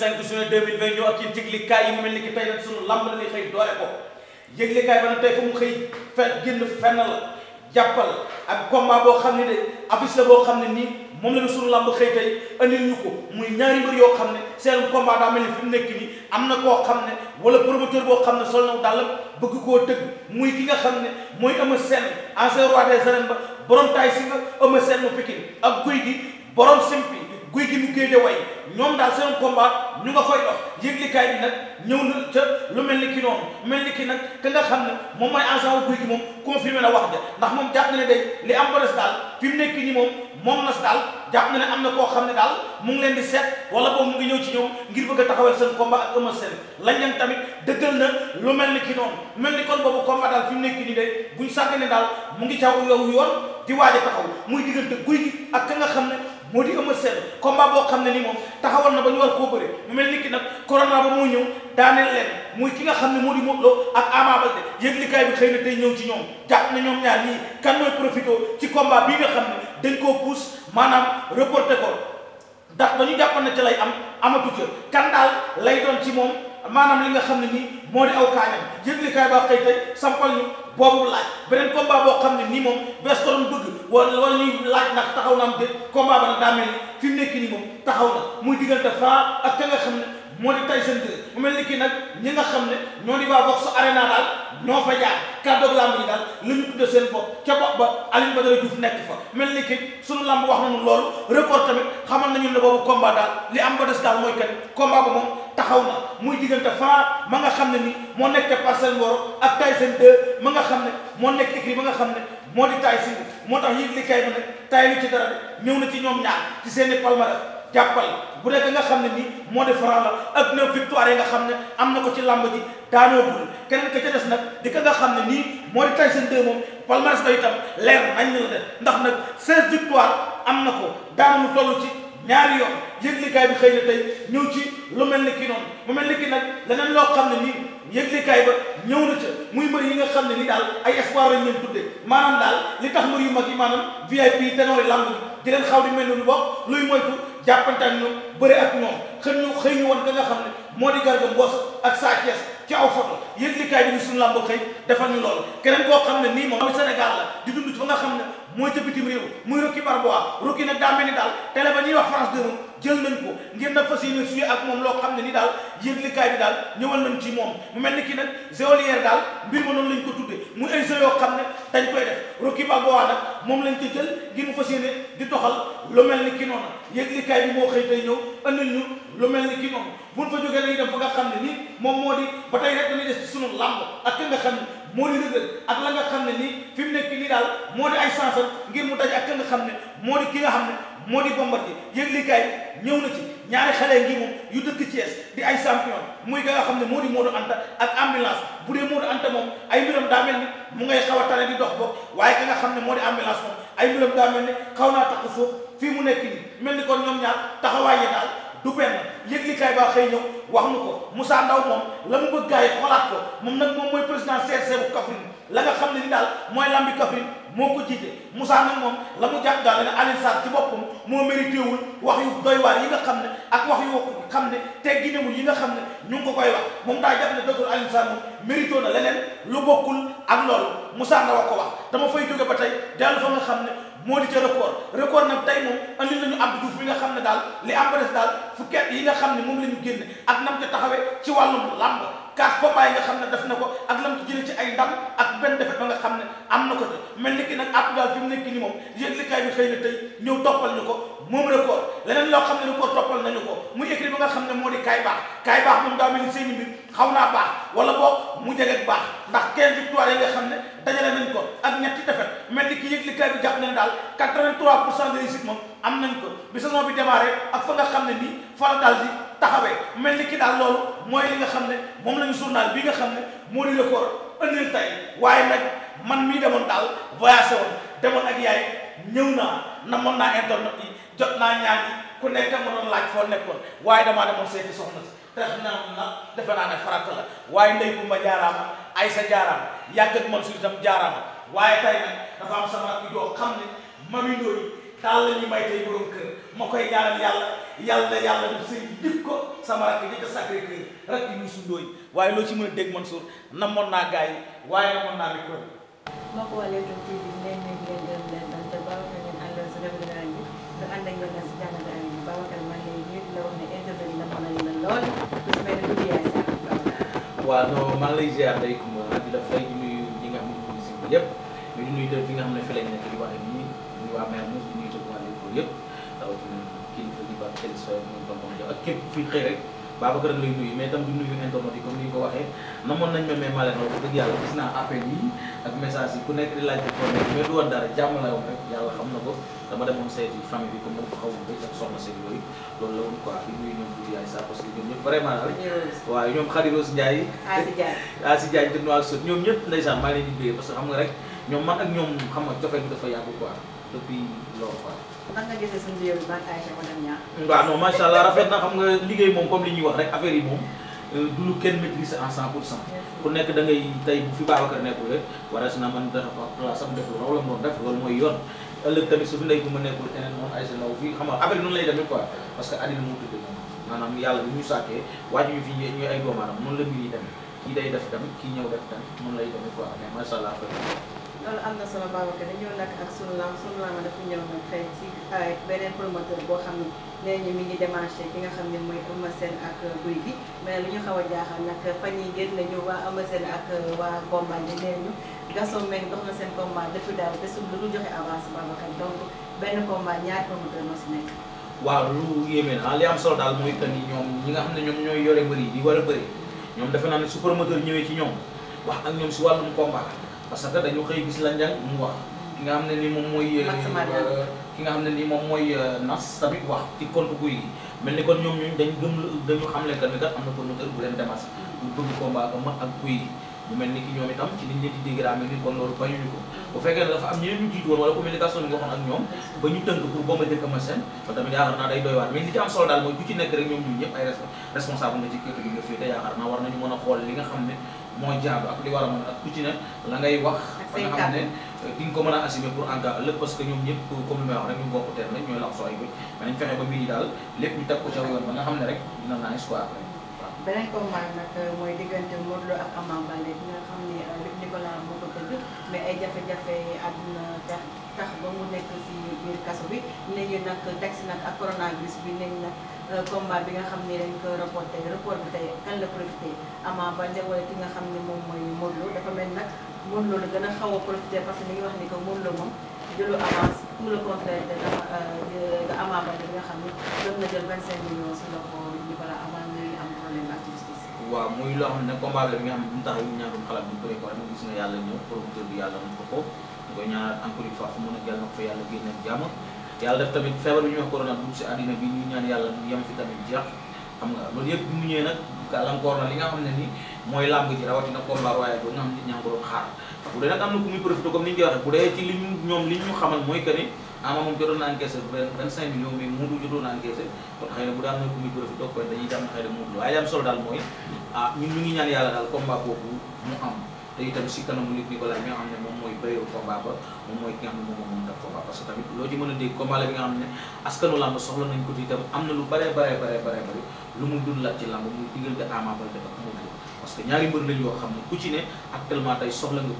25 juin 2020 ñëw ak yéen yëglikaay yi mu mel ni ki tey nag sunu lamb la xëy doore ko yëglikaay ba nag tey fu mu xëy fen génn fenn la jàppal ak combat boo xam ne de affiche la boo xam ne nii moom la ñu sunu lamb xëy tey andil ñu ko muy ñaari mbir yoo xam ne seen combat daa mel ni fu mu nekk nii am na koo xam ne wala promoteur boo xam ne sol na daal bëgg koo tëgg muy ki nga xam ne mooy Eumeu Sène ancien roi des arènes ba borom taay si nga ak guy gi borom guy gi mu géej way ñoom daal seen combat ñu nga koy dox yëglikaay bi nag ñëw na ca lu mel ni ki noonu mel ni ki nag ka nga xam ne moom mooy na wax ja ndax moom jàpp na ne day li am ba des daal fi mu nekk nii moom na am na koo xam ne daal mu leen di seet wala boobu ñëw ci ñoom ngir bëgg a taxawal seen combat ak Eumeu Sène lañ leen tamit dëggal na mel ni ki noonu mel ni kon boobu combat daal fi mu nekk nii day buñ sàgg ne daal mu ngi caw yow yoon di waaj a taxaw muy diggante guy gi ak ka nga xam ne moo di Eumeu Sène combat boo xam ne ni moom taxawal na ba ñu war koo bëri mu mel ni ki nag corona ba moo ñëw daaneel leen muy ki nga xam ne moo di Modou Lo ak Ama Baldé yëglikaay bi xëy na tey ñëw ci ñoom jàpp na ñoom ñaar ñii kan mooy profité ci combat bi nga xam ne dañ koo pousse maanaam reporté ko dax ba ñu jàppoon na ca lay am amatu ca kan daal lay doon ci moom. maanaam li nga xam ne nii moo di aw kaayam yëglekaay ba xëy tey sampal ñu boobu laaj beneen combat boo xam ne nii moom bees ko doon bëgg wala wala ñuy laaj ndax taxaw na am déet combat ba nag daa mel ni fi mu nii moom taxaw na muy diggante faa ak ka nga xam ne moo di Tyson 2 mu mel ni kii nag ñi nga xam ne ñoo di waa Vox Arena daal ñoo fa jaar kàddoog làmb yi daal la ñu tudde seen bopp ca bopp ba Alioune Badara Diouf nekk fa mel ni kii sunu làmb wax nañu loolu record tamit xamal nañu ne boobu combat daal li am ba des daal mooy kat combat moom taxaw na muy diggante Franc ma nga xam ne nii moo nekk ca Parcelles Mboro ak Tyson 2 ma nga xam ne moo nekk écrit ma nga xam ne moo di Tyson moo tax yëg li kay ma ne tay ci ci ñoom ñaar ci seeni palmarès jàppal bu dee nga xam ne ni moo def Franc la ak neuf victoire yi nga xam ne am na ko ci làmb ji daanoogul keneen ka ca des nag di ka nga xam ne nii moo di Tyson 2 moom palmarès ba itam leer nañ la def ndax nag 16 victoire am na ko daan mu toll ci ñaari yoon yëglikaay bi xëy na tey ñëw ci lu mel ni ki noonu mu mel ni ki nag leneen loo xam ne nii yëglikaay ba ñëw na ca muy mbër yi nga xam ne ni daal ay espoir a leen tudde maanaam daal li tax mbër mel ni lu bokk jàppante ak ñoom bëri ak ñoom xëy ñu xëy ñu woon ka nga xam ne moo di Garga Mbossé ak Sa Thiès ci aw photo yëglikaay bi ni suñu làmb xëy defal ñu loolu keneen koo xam ne nii moom nga xam ne mooy ca bitim réew muy Rocky Balboa Rocky nag daa ni daal télé ba ñuy wax France 2 moom jël nañ ko ngir nag fas yéene suy ak moom loo xam ne ni daal yëglikaay bi daal ñëwal nañ ci moom mu mel ni ki nag géolière daal mbir ma noonu lañ ko tudde muy ay jeux yoo xam ne dañ koy def Rocky Balboa nag moom lañ ca jël ngir mu fas yéene di doxal lu mel ni ki noonu yëglikaay bi moo xëy tey ñëw andil ñu lu mel ni ki noonu buñ fa jógee lañ dem fa nga xam ne ni moom moo di ba tey rek dañuy des ci sunu moo di rëgg ak la nga xam ne nii fi mu nekk nii daal moo di ay sansam ngir mu daj ak ka nga xam ne moo di ki nga xam ne moo di Bombardier yëglikaay ñëw na ci ñaari xale ngi moom yu dëkk Thiès di ay champion muy xam ne moo di Modou Anta ak ambulance bu dee Modou Anta moom ay mbiram daa mel ni mu ngay xaw di dox boog waaye ka nga xam ne moo di ambulance moom ay mbiram daa mel ni xaw naa takk suuf fii mu nekk nii mel ni kon ñoom ñaar taxawaay yi daal du benn yëglikaay baa xëy ñëw wax nu ko Moussa Ndaw moom la mu bëgg gars yi xolaat ko moom nag moom mooy président CRC bu Kaffrine la nga xam ne ni daal mooy lambi Kaffrine moo ko jiite Moussa nag moom la mu jàpp daal ne Alioune ci boppam moo mérité wul wax yu doy waar yi nga xam ne ak wax yu xam ne tegginewul yi nga xam ne ñu ngi ko koy wax moom daa jàpp ne docteur Alioune Sarr moom mérité na leneen lu bokkul ak loolu Moussa Ndaw a ko wax dama fay jóge ba tey moo di ca record record nag tey moom andi nañu Abdou Diouf mi nga xam ne daal li am ba daal fukki at yi nga xam ne moom la ñu génne ak nam ca taxawee ci wàllum làmb kaas combat nga xam ne def na ko ak lam ci jëlee ci ay ndam ak benn defet ba ne am na ko mel ni ki nag àpp daal fi mu nekk moom ko moom record xam ne record toppal nañu ko muy écrit ba nga xam ne moo di kaay baax kaay baax moom daa mel ni seen xaw naa baax wala boog mu jegeeg baax ndax 15 victoire yi nga xam ne dajale nañ ko ak ñetti defet mel ni ki yëglikaay bi jàpp nañ daal 83 pour cent de réussite moom am nañ ko bi saison bi démarré ak fa nga xam ne nii fala daal di taxawee mel ni ki daal loolu mooy li nga xam ne moom lañu journal bi nga xam ne moo di record ëndil tey nag man mii demoon daal voyagé woon demoon ak yaay ñëw naa namoon naa internet yi jot naa ñaan yi ku nekk ma doon laaj foo nekkoon waaye damaa demoon seeti soxna si te xam naa na defe naa ne farata la waaye ndey ma jaaraama ay sa jaaraama yàgg ak Mansour itam jaaraama waaye tey nag sa am sama rakk joo xam ne mami ndooy daal la ñu may tey borom kër ma koy ñaanal yàlla yàlla yàlla def sëy dib ko sama rakk ñi ko sacré kër rakk yi ñu sundooy waaye loo ci mën a dégg Mansour namoon naa gars yi waaye namoon naa micro bi waaw non maa ngi lay ziar day kumba di la fay di nuyu ñi nga xam ne ñu ngi si yëpp di nuyu fi nga xam ne fi lañ nekk di wax ak ñi ñu waa Mermoz di nuyu waa Léopold yëpp rawatina di ba Kelle Sow moom ak képp fi xëy rek. Babacar ak lay nuyu mais itam du nuyu internet yi comme ni ñu ko waxee namoon nañ ma mais maa leen wax dëgg yàlla gis naa appel yi ak message yi ku nekk di laaj ko nekk mais na ko dama demoon seeti bi comme dama ko xawoon bëj ak soxna seen yooyu loolu la vraiment daal waaw ñoom Khady Rose Ndiaye Asi Ndiaye te Noir ñëpp ndeysaan maa leen di bëggee que xam nga rek ñoom man ak ñoom xam nga cofeel bi dafa yàgg quoi depuis loolu quoi nan nga gisee suñu liggéey allah rafet na xam nga liggéey moom comme li ñuy wax rek affaire yi moom euh, du lu kenn maîtrise en 100 pour cent. ku nekk da ngay tey bu fi Babacar nekkul rek war a si na man dafa fa sam def lu raw la moom def loolu mooy yoon. ëllëg tamit su fi ndey bu ma nekkul keneen moom ay sa law fii xam nga yi noonu lay demee quoi parce que addina moo tudd moom maanaam yàlla bi ñu sàkkee waaj ñu fi ñu ñuy ay la mbir yi day def dem kii ñëw def dem noonu lay macha allah loolu am na solo Babacar dañoo nag ak sunu laam sunu laam boo xam ne nee ñu mi ngi démarché ki nga xam ne mooy euh, mais lu ñu xaw a jaaxal nag fan yii génn nañu waa Eumeu Sène ak euh, waa combat bi nee na seen combat depuis daal desul lu ñu joxe avance Babacar donc benn combat ñaar promoteur moo si nekk. waaw lu yéeme na li am solo ñi nga xam ne ñoom ñooy yore bëri di war a bëri ñoom defe naa ne su promoteur ñëwee ci ñoom wax ak ñoom si wàllum combat. parce que dañu xëy gis la njàng mu wax ki nga xam ne ni moom mooy euh, euh, ki nga xam ne moom mooy euh, nas tamit wax ci compte guy gi mel ni kon ñoom ñun dañ gëm dañu xam le que ni kat am na promoteur bu leen demas bu bëgg combat ma ak guy gi ñu mel ni ki ñoom itam ci liñ leen dégg daa mel ni kon loolu bañuñu ko bu fekkee ne dafa am ñeneen ñu jiitu woon wala communication bi waxoon ak ñoom ba ñu tënk pour boo ma dëkk ma seen ba tamit yaakaar naa day doy waar mais li ci am war nañu mën a xool li nga xam ne moo jaadu ak li war a mën ak ku ci la ngay wax fa nga xam ne euh, di ko mën a assumer pour en cas ëllëg parce que ñëpp comme li may wax rek xam ne rek dina naa quoi après waaw beneen euh, mooy diggante Modou Lo ak euh, ay jafe-jafe àdduna tax tax ba mu nekk si biir kaso bi ne ñu nag tax nag ak coronavirus bi nañ nag Euh, combat bi nga xam ne dañ ko reporté report bi tey kan la profité Ama Baldé ki nga xam ne moom mooy Modou dafa mel nag Modou Lo la gën a xaw a profité parce que ni que Modou Lo moom jëlu avance tout le euh, bi nga xam ne doon na jël 25 millions si loxo yi loo ne combat bi la bi nga xam ne bu tax ñu yàlla ñëw promoteur yàlla fu mën a jàll na ko fa yàlla génn ak jàmm yàlla def tamit feebar bi ñuy wax corona dugg si àddina bi ñu ñaan yàlla mu na li nga xam ne ni mooy làmb ji rawatina ngi ko doon xaar bu dee nag am na bu dee ci li ñu mooy que ni ama moom jotoon na encaissé vingt cinq millions mais Modou jotoon na encaissé kon xëy ah, ñaan yàlla daal combat boobu mu am te itam si kanamu nit Nicolas mi nga xam ne moom mooy béyu combat ba moom mooy moom moo mën a combat loo a dégg combat la bi nga mu dundal ci làmb ñaari mbër lañ yoo xam ne ku ci ne actuellement tey soxla nga na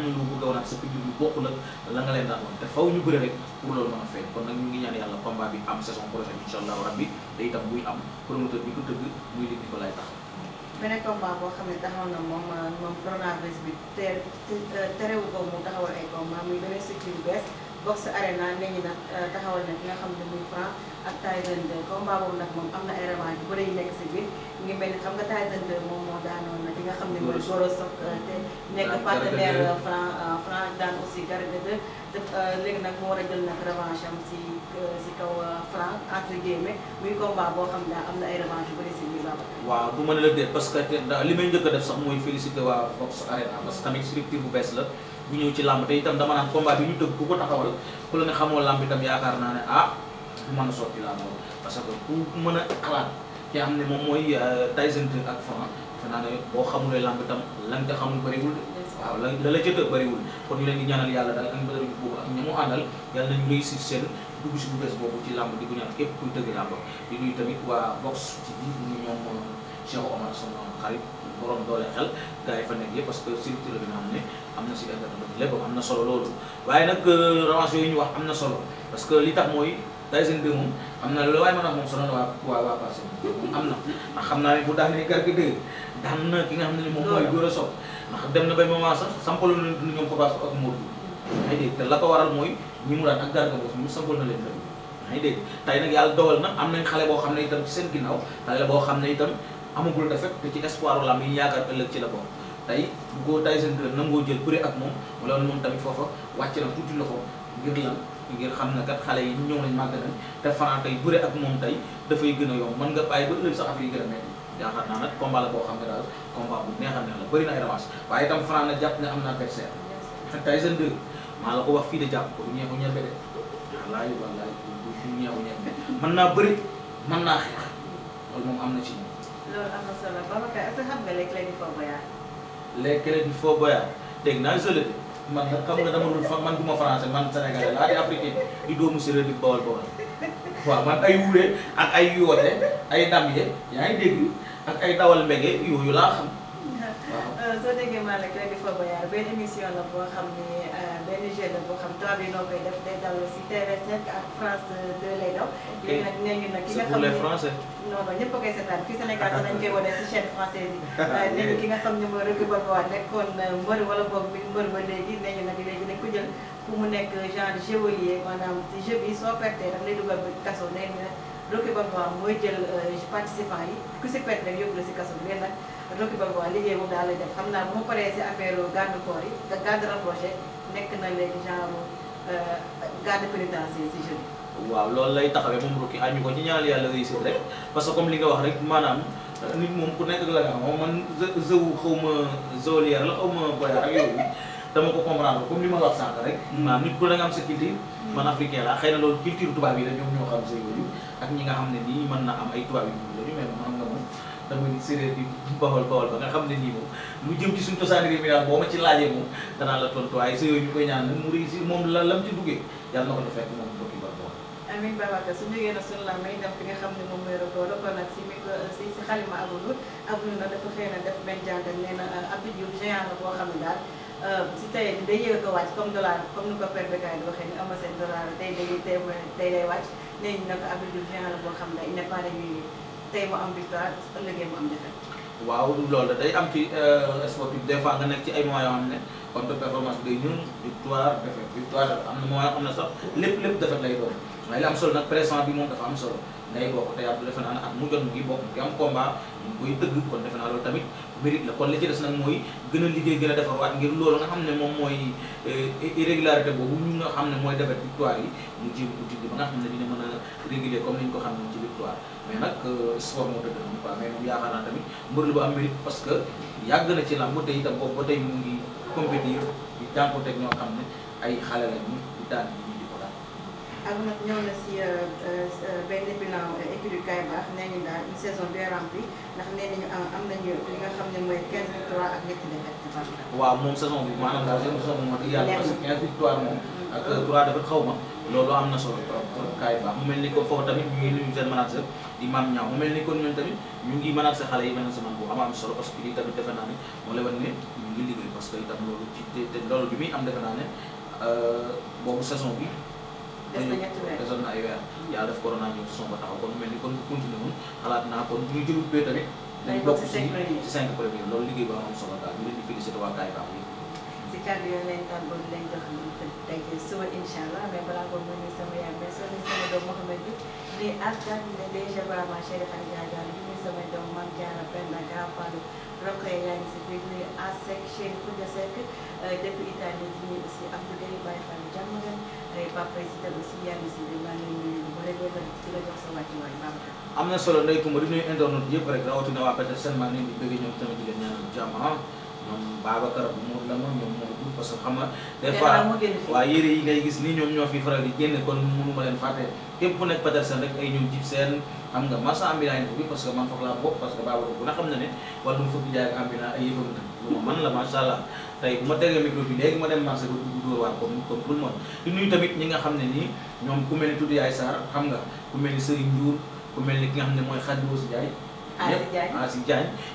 lu bëgg a a feeñ tëgg muy lig Nicolas tax beneen combat boo xam ne taxaw na moom moom coronavirus bi te terewu ko mu taxawal ay combat muy beneen cycle bu bees. Boxe Arena ne ñu nag euh, taxawal na ki nga xam ne muy Franc ak Tyson 2 combat boobu nag moom am na ay revanche bu bëri yu nekk si biir ngi mel ni xam nga Tyson 2 moom moo daanoon na di nga xam ne mooy Boros euh, te nekk ah, partenaire euh, Franc Franc daan aussi Garga 2 te léegi nag mu war a jël nag revanche am si si kaw Franc entre guillemets muy combat xam daa am na ay revanche si biir baba waaw du ma ne la dee parce que li may njëkk a def sax mooy félicité waa Boxe Arena parce que tamit structure bu bees la bu ñëw ci làmb te itam dama naan combat bi ñu tëgg ku ko taxawal ku la ne xamoo làmb itam yaakaar naa ne ah du mën a sotti làmb parce que ku mën a xalaat ki xam ne moom mooy euh, Tyson 2 ak Franc defe naa ne boo xamulee làmb itam lan nga xamul bëriwul waaw la la la jëkk bëriwul kon ñu leen di ñaanal yàlla daal ak bëriwul boobu ak ñamu àndal yàlla nañu réussir seen dugg bu bees boobu di ko ñaan képp kuy tëgg Cheikh Omar sama xarit borom doole xel gars yi fa nekk yëpp parce que structure bi am na si internet lépp am na solo loolu waaye nag euh, revanche yooyu ñu wax am na solo parce que li tax mooy Tyson 2 moom am na loolu waaye mën a moom sonal waa waa waa na ndax naa ne bu daanee Garga 2 daan na ki nga xam ne moom mooy góor a soog ndax dem na ba moment sax sampaloon nañu dund te la ko waral mooy ñi mu daan ak Garga boobu ñu sampal na leen dëgg na am nañ xale boo xam ne itam seen ginnaaw xale la boo xam ne itam amagul defet te ci espoir lam yi ñu yaakaar ëllëg ci la bokk tey bu ko Tyson na nangoo jël bëre ak moom wala moom tamit foofa wàcc na tuuti loxo ngir lan ngir xam ne kat xale yi ñëw nañ màgg nañ te Franc ak moom tey dafay gën a yomb mën nga bàyyi sax affaire yi boo xam ne daal combat bu neexal neex la bëri na ay waaye itam Franc na jàpp ne am naa adversaire Tyson 2 maa la ko wax fii de jàpp ko du ñeexu ñebe de wallaahi wallaahi du ñeexu ñebe mën naa bëri man naa xeex loolu moom am na ci loolu am na solo Babacar est xam nga les clés du Fort Boyard. les clés du Fort Boyard dégg naa joli man nag xam nga dama dul man du ma français man sénégalais laa di africain di doomu séeréer di bawal bawal waaw man ay wuure ak ay yoote ay ndam ye yaa ngi dégg ak ay dawal mbege yooyu laa xam. waaw soo déggee maa ngi lay clé du Fort Boyard benn la boo xam ni. la boo xam tubaab yi noo koy def day dal si TV7 ak France 2 lay daw. léegi nag nee ñu nag ki nga xam ne non non ñëpp a koy seetaan fii Sénégal danañ koy wane si chaîne française yi. Euh, nee ñu ki nga xam ne mooy Rocky Balboa nekkoon euh, mbër wala boog mbër ba léegi nee ñu nag léegi dañ ko jël pour mu nekk genre géolier maanaam ci jeu bi soo pertee daf lay dugal ba kaso nee ñu nag Rocky mooy jël euh, participants yi ku si perte rek yóbbu la si kaso bi léegi nag Rocky Balboa naa bu ma paree affaire garde nekk na léegi genre euh, garde pénitentiaire si jeune waaw loolu lay taxawee moom rukki añu ko ñu ñaan yàlla réussir rek parce que comme li nga wax rek maanaam euh, nit moom ku nekk ak la nga xam man zëwu xaw ma zolière la xaw ma boyaar ak yooyu dama ko comprendre comme li ma la wax sànq rek mm. maanaam nit ku da nga am sa culture mm. man africain la xëy na loolu culture tubaab yi la ñoo xam sa yooyu ak ñi nga xam ne nii mën na am ay tubaab yu ñu la ñu mais damay séeréer bi bawal bawal ba nga xam ne nii moom lu jëm ci suñu cosaan réew boo ma ci laajee moom danaa la tontu waaye sa yooyu ñu koy ñaan moom la lam ci duggee yàlla ko defee moom mbokki ba boo amiin Babacar su jógee na suñu la may dem fi nga xam ne moom mooy record kon nag si si si xalima abdou abdou na dafa xëy na def benn jàngal nee na euh, Abdou Diouf géant la boo xam ne daal euh, si tey day ko wàcc comme dollar comme ni ko père Bécaye di waxee ni ama seen dollar tey day tey tey day wàcc nee ñu nag Abdou la boo xam ne il n'est pas régulier tey mu am victoire ëllëgee mu am défaite. waaw loolu la day am ci euh, sportif des fois nga nekk ci ay moments yoo xam ne contre performance bi day victoire défaite victoire am na moment am na sax lépp lépp défaite lay doon. waaye li am solo nag présent bi moom dafa am solo nday bokk tey Abdou defe naa ne at mu jot mu ngi bokk mu ngi am combat mu koy tëgg kon defe naa loolu tamit mérite la kon li ci des nag mooy gën a liggéey gën a defarwaat ngir loolu nga xam ne moom mooy eh, irrégularité boobu ñu nga xam ne mooy defet victoire yi mu jéem ko tijji ba nga xam ne dina mën a régulier comme ni ñu ko xam ne ci victoire mais nag euh, sport moo tëdd noonu quoi mais moom yaakaar naa tamit mbër lu bu am mérite parce que yàgg na ci làmb tey itam boobu ba tey mu ngi compétir di jànkuwanteeg ñoo xam ne ay xale lañu di daan ak nag ñëw na si euh, euh, euh, benn bilan écurie Kaay Baax nee nañu daal une saison bien remplie ndax nee am nañu li nga xam ne mooy 15 victoires ak ñetti défaites. waaw moom saison bi maanaam daal seen ma. loolu am na solo trop trop mu mel ni ko foofu tamit ñu ngi di maam ñaaw mu mel ni kon ñoom tamit ñu ngi manaat sa xale yi mel na semaine bu am am solo parce tamit defe naa ne moo lay ne ñu ngi liggéey parce que itam loolu ci te loolu bi muy am defe naa ne boobu saison bi. des na na ay ni kon bu continué woon di félicité waa kaay baax ma nuyu sama yaay mais soo nuyu sama doom Mouhamed bi di artan ne déjà vraiment chéri Khadija Diallo di Rokhaya yaa ngi si biir nuyu Asec Cheikh Koudia Seck euh, depuis Italie di nuyu aussi Abdou Gueye Baye Fall jàmm ngeen euh, Pape Président aussi yaa ngi si biir maa ngi nuyu bu la doon rek di la jox sa wàccuwaay Babacar. am na solo ndey Kumba di nuyu internet yëpp rek rawatina waa Petersen maa ngi leen di bëgg ñoom tamit di leen ñaanal jàmm ah. ñoom Babacar bu mu la ma ñoom moo dul parce que xam nga. des fois waaw yére yi ngay gis nii ñoom ñoo fi faral di génne kon mënu ma leen fàtte. képp ku nekk Petersen rek ay ñoom jib seen xam nga marchand ambulant bi parce que man foog laa bokk parce que baabu bu na xam ne tey bu ma tegee micro bi léegi ñi nga xam ne nii ñoom ku mel ni tudd yaay Sarr xam nga ku mel ni ku mel ni ki nga xam ne mooy Khadou Ndiaye ñëpp Asi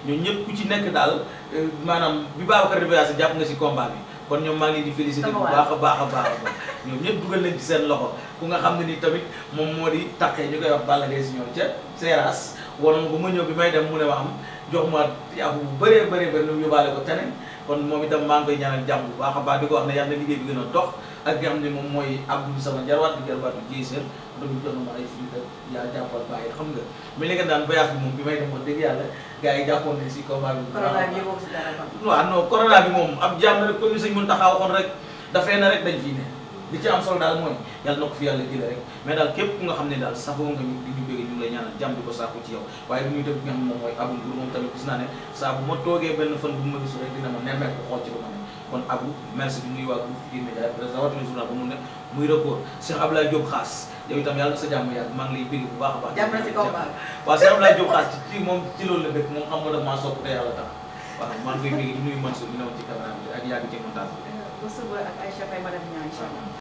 ñoom ñëpp ku ci nekk daal eh, maanaam bi Babacar Diagne jàpp nga si combat bi kon ñoom maa ngi di félicité bu baax a baax a baax ñoom ñëpp dugal nañ ci seen loxo ku nga xam ne ni tamit moom moo di taqee ñu koy wax Balla Gaye Junior ca Seras waroon bu ma ñëw bi may dem mu ne ma am jox ma yàpp bu bëree bëree bëri ñu yóbbaale ko teneen kon moom itam maa ngi koy ñaanal jàmm bu baax a baax di ko wax ne yàlla na liggéey bi gën a dox ak nga xam ne moom mooy Abdou sama jarwaat di jarwaatu giseen doomu jox na ma ay fii yaa jàppal xam nga mais li nga daan voyage moom bi may dem wax yàlla gars yi jàppoon nañ si combat bi. corona bi yëngu si dara ba. waaw non corona bi na rek dañ fii ne li ci am solo daal mooy yàlla na ko fi yàlla jëlee képp ku xam ne daal safoo nga ñu di ñu ko saako ci yow waaye ñuy def nga xam moom mooy abu ndur gis naa ne saa bu ma toogee benn fan bu ma gisul rek ko ma di nuyu waa groupe Futurs Médias mu ne muy record Cheikh Abdoulaye xaas yow itam yàlla sa jàmm yàlla maa ngi lay bëgg bu baax a baax. jàmm na si kaw moom ci loolu la bëgg moom xam nga damaa sopp te yàlla tax waaw maa ngi koy bëgg di nuyu Mansour mi newoon ci caméra bi yàgg ci montage bi. ba suba